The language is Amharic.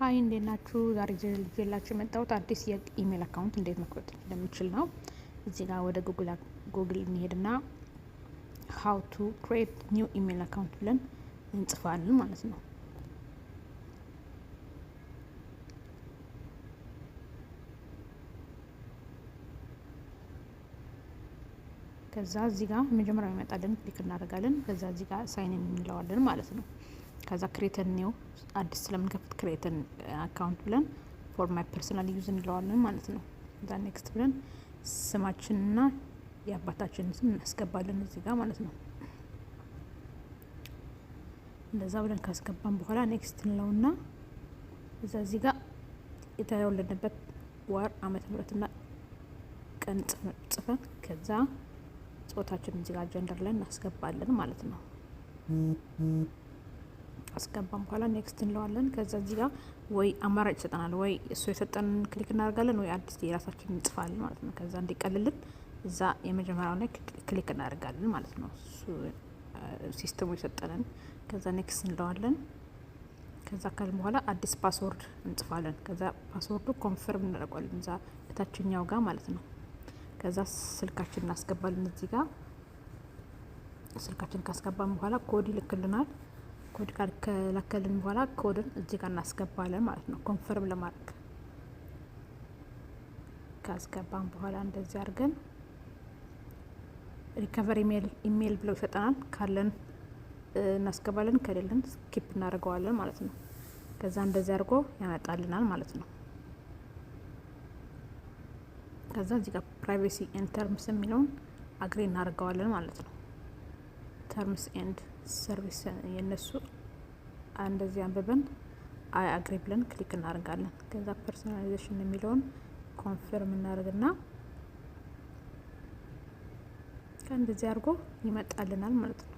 ሀይ እንዴት ናችሁ? ዛሬ ይዤላችሁ የመጣሁት አዲስ የኢሜል አካውንት እንዴት መክፈት እንደምችል ነው። እዚህ ጋር ወደ ጉግል እንሄድና ሀው ቱ ክሬት ኒው ኢሜል አካውንት ብለን እንጽፋለን ማለት ነው። ከዛ እዚህ ጋር መጀመሪያ የመጣለን ክሊክ እናደርጋለን። ከዛ እዚህ ጋር ሳይን እንለዋለን ማለት ነው። ከዛ ክሬተን ኒው አዲስ ስለምንከፍት ክሬተን አካውንት ብለን ፎር ማይ ፐርሰናል ዩዝ እንለዋለን ማለት ነው። ዛ ኔክስት ብለን ስማችንና የአባታችንን ስም እናስገባለን እዚህ ጋር ማለት ነው። እንደዛ ብለን ካስገባን በኋላ ኔክስት እንለውና እዛ እዚህ ጋር የተወለድንበት ወር ዓመተ ምሕረትና ቀን ጽፈን ከዛ ጾታችን እዚህ ጋር ጀንደር ላይ እናስገባለን ማለት ነው። ካስገባን በኋላ ኔክስት እንለዋለን። ከዛ እዚህ ጋር ወይ አማራጭ ይሰጠናል፣ ወይ እሱ የሰጠንን ክሊክ እናደርጋለን፣ ወይ አዲስ የራሳችን እንጽፋለን ማለት ነው። ከዛ እንዲቀልልን እዛ የመጀመሪያው ላይ ክሊክ እናደርጋለን ማለት ነው። ሲስተሙ የሰጠንን ከዛ ኔክስት እንለዋለን። ከዛ ካልን በኋላ አዲስ ፓስወርድ እንጽፋለን። ከዛ ፓስወርዱ ኮንፈርም እናደርጓለን እዛ እታችኛው ጋር ማለት ነው። ከዛ ስልካችን እናስገባለን እዚህ ጋር ስልካችን ካስገባን በኋላ ኮድ ይልክልናል። ኮድ ጋር ከላከልን በኋላ ኮድን እዚህ ጋር እናስገባለን ማለት ነው። ኮንፈርም ለማድረግ ካስገባን በኋላ እንደዚህ አድርገን ኢሜል ኢሜል ብለው ይሰጠናል። ካለን እናስገባለን፣ ከሌለን ስኪፕ እናደርገዋለን ማለት ነው። ከዛ እንደዚህ አድርጎ ያመጣልናል ማለት ነው። ከዛ እዚህ ጋር ፕራይቬሲ ኤንድ ተርምስ የሚለውን አግሬ እናደርገዋለን ማለት ነው። ተርምስ ኤንድ ሰርቪስ የነሱ እንደዚህ አንብበን አይ አግሪ ብለን ክሊክ እናደርጋለን። ከዛ ፐርሰናላይዜሽን የሚለውን ኮንፈርም እናደርግና ከእንደዚህ አድርጎ ይመጣልናል ማለት ነው።